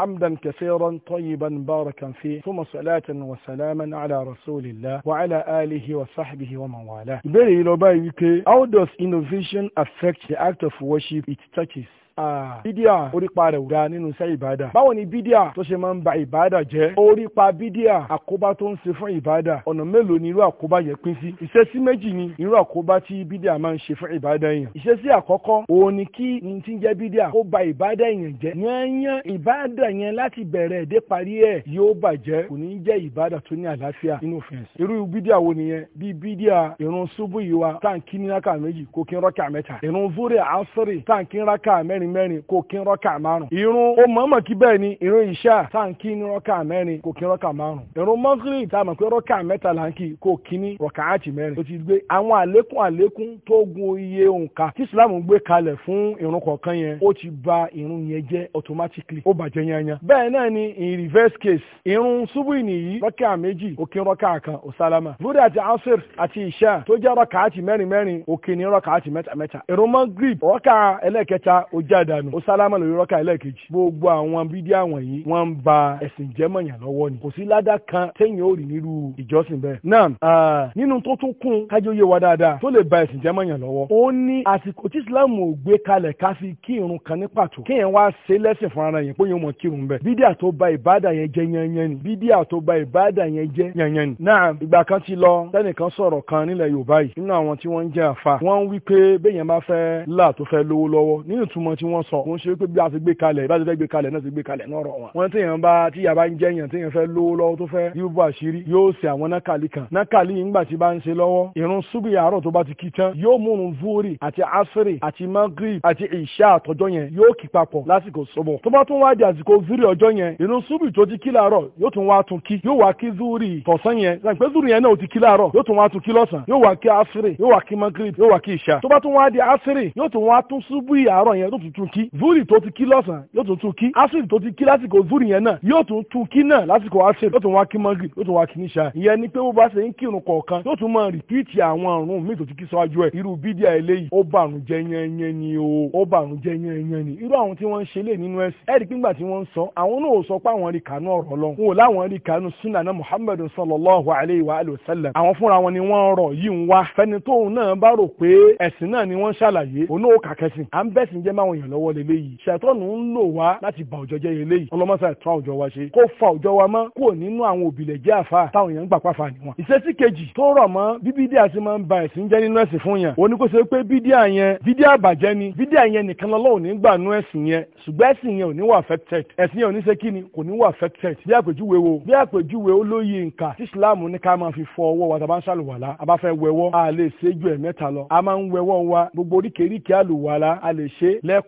حمدا كثيرا طيبا باركا فيه ثم صلاة وسلاما على رسول الله وعلى آله وصحبه ومن والاه. how does innovation affect the act of worship it touches? Ah. bídíà orípa rẹ̀ wúra nínú iṣẹ́ ìbádà báwo ni bídíà tó ṣe máa ń ba ìbádà jẹ́ orípa bídíà àkóbá tó ń ṣe fún ìbádà ọ̀nà mélòó ni irú àkóbá yẹn pín sí ìṣesí méjì ni irú àkóbá tí bídíà máa ń ṣe fún ìbádà yẹn ìṣesí àkọ́kọ́ òun ni kí n ti jẹ́ bídíà kó ba ìbádà yẹn jẹ́ yányán ìbádà yẹn láti bẹ̀rẹ̀ dé parí ẹ̀ yóò bàjẹ́ kò ní jẹ́ ìbádà tó ní àlàáfíà nínú fẹ̀sì mẹ́rin mẹ́rin kò kí ń rọ́kà márùn. irun ó mọ̀ọ́mọ̀ kí bẹ́ẹ̀ ni irun ìṣá tá à ń kí ní rọ́kà mẹ́rin kò kí ń rọ́kà márùn. irun mọ́gírì tá a mọ̀ pé rọ́kà mẹ́ta là ń kí kò kí ní rọ́kà áàtì mẹ́rin. o ti gbé àwọn àlékún àlékún tó gun iye òǹkà tí Islam gbé kalẹ̀ fún irun kọ̀ọ̀kan yẹn ó ti ba irun yẹn jẹ́ automatically ó bàjẹ́ yányán. bẹ́ẹ̀ náà ni in reverse case irun ṣubú ìnìyí rọ́kà méjì ó kí ń rọ́kà kan ó sálámà. lórí àti asir àti ìṣá tó jẹ́ rọ́kà áàtì mẹ́rin mẹ́rin ó kí ní rọ́kà áàtì mẹ́ta mẹ́ta. irun mọ́gírì rọ́kà ẹlẹ́kẹta ó jádànù ó sálámà lórí rọ́kà ẹlẹ́ẹ̀kejì gbogbo àwọn bídíà wọ̀nyí wọ́n ń ba ẹ̀sìn jẹ́mọ̀yàn lọ́wọ́ ni kò sí ládà kan téèyàn ò rí nírú ìjọsìn bẹ́ẹ̀ náà nínú tó tún kún kájọ yé wa dáadáa tó lè ba ẹ̀sìn jẹ́mọ̀yàn lọ́wọ́ ó ní àsìkò tí islam ò gbé kalẹ̀ ká fi kí irun kan ní pàtó kéèyàn wá ṣe lẹ́sìn fún ara yẹn pé yóò mọ kírun bẹ́ẹ̀ ni bídíà tó tí wọ́n sọ wọ́n ṣe pé bí a ti gbé kalẹ̀ ìbá ti fẹ́ gbé kalẹ̀ náà ti gbé kalẹ̀ náà rọ̀ wọn. wọ́n téèyàn bá tíyà bá ń jẹ́yàn téèyàn fẹ́ lówó lọ́wọ́ tó fẹ́ yí bó àṣírí yóò ṣe àwọn nákàlí kan nákàlí yìí ńgbà tí bá ń ṣe lọ́wọ́ ìrun súbì àárọ̀ tó bá ti kí tán yóò múrun vúrì àti asiri àti magrib àti ìṣá àtọjọ́ yẹn yóò kí papọ̀ lásìkò sọ́bọ̀ tó bá tún wá di àsìkò vúrì ọjọ́ yẹn ìrun súbì tó ti kí láàárọ̀ yóò tún wá tún kí yóò wá kí zúrì tọ̀sán yẹn sàn pé zúrì yẹn náà ò ti kí láàárọ̀ yóò tún wá tún kí lọ́sàn yóò wá kí asiri yóò wá kí magrib yóò wá kí ìṣá tó bá tún wá di asiri yóò tún wá tún súbì àárọ̀ yẹn tó tún tún kí zuri tó ti kí lọ́sàn-án yóò tún tún kí asiri tó ti kí lásìkò zuri yẹn náà yóò tún tún kí náà lásìkò asiri yóò tún wá kí mọ́gìrì yóò tún wá kí níṣà ìyẹn ni pé bó bá ṣe ń kírun kọ̀ọ̀kan yóò tún máa rìpíìtì àwọn àrùn míì tó ti kí síwájú ẹ̀ irú bídíà eléyìí ó bàrùn jẹ́ yẹnyẹn ni o ó bàrùn jẹ́ yẹnyẹn ni irú àwọn tí wọ́n ń ṣe lè nínú ẹ̀sìn ẹ̀rí pínpà tí wọ́n ń sọ àwọn náà ò sọ pé àwọn rí kànú ọ̀rọ̀ lọ wọn yàn lọ́wọ́ leléyìí ṣàtọ́nù ń lò wá láti bà òjò jẹ́ eléyìí ọlọ́mọṣà tún àwùjọ wa ṣe kó fa òjò wa mọ́ kúrò nínú àwọn òbílẹ̀ jẹ́ àfa táwọn èèyàn ń gbà pàfà níwọ̀n. ìṣesí kejì tó rọ̀ mọ́ bí bídíà máa ń ba ẹ̀sìn jẹ́ nínú ẹ̀sìn fún yàn òní kó ṣe pé bídíà yẹn bídíà bàjẹ́ ni bídíà yẹn nìkan lọ́wọ́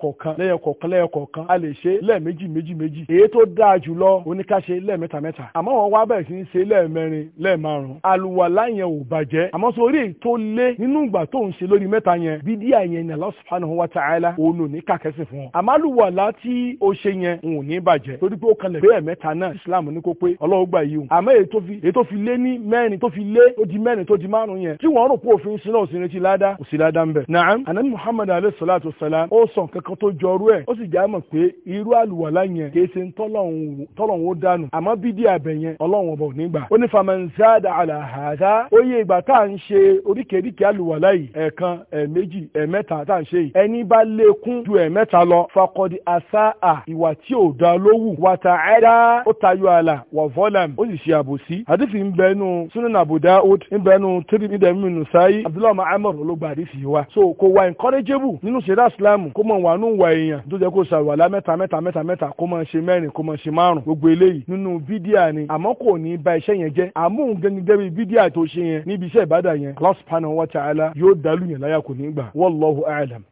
lẹ́yọkọ̀ọ̀kan lẹ́yọkọ̀ọ̀kan lẹ́yọkọ̀ọ̀kan a lè ṣe lẹ́ẹ̀méjì méjì méjì èyí tó dáa jùlọ oníkàṣe lẹ́ẹ̀mẹ́ta mẹ́ta àmọ́ wọn wá bẹ̀rẹ̀ sí ní ṣe lẹ́ẹ̀mẹ́rin lẹ́ẹ̀márùn àlùwàlá yẹn ò bàjẹ́ àmọ́ sọ orí èyí tó lé nínú ìgbà tó ń ṣe lórí mẹ́ta yẹn bídíà yẹn ni Allah subhanahu wa ta'ala òun ò ní kàkẹ́sì fún ọ àmàlùwàlá tí ó ṣe yẹn òun ò ní bàjẹ́ torí pé ó kan lẹ̀ pé ẹ̀mẹ́ta náà Islam ní kó pé Ọlọ́run gbà yìí o àmọ́ èyí tó fi lé ní fi lé ó di mẹ́rin tó di márùn yẹn tí wọ́n Muhammad alayhi salatu salam ó nǹkan tó jọrú ẹ̀ ó sì já mọ̀ pé irú àlùwàlá yẹn kì í ṣe tọ́lọ̀hún ó dànù àmọ́ bídí àbẹ̀ yẹn ọlọ́run ọba ò ní ó ní famanzada alahada ó yẹ ìgbà tá à ń ṣe oríkèéríkèé àlùwàlá yìí ẹ̀ẹ̀kan ẹ̀ẹ̀méjì tá à ṣe ẹni bá lékún ju da wàtà ó tayọ àlà wà abu ń tiri muhammed wa so kò wà encourageable nínú nínú ìwà èèyàn tó jẹ́ kó ṣàlùwàlá mẹ́ta mẹ́ta mẹ́ta mẹ́ta kó máa ṣe mẹ́rin kó máa ṣe márùn gbogbo eléyìí nínú bídíà ni àmọ́ kò ní ba iṣẹ́ yẹn jẹ́ àmóhun gẹ́gẹ́ bí bídíà tó ṣe yẹn níbi iṣẹ́ ìbádà yẹn Allah subhanahu wa ta'ala yóò dálù yẹn láyà kò ní gbà wallahu a'lam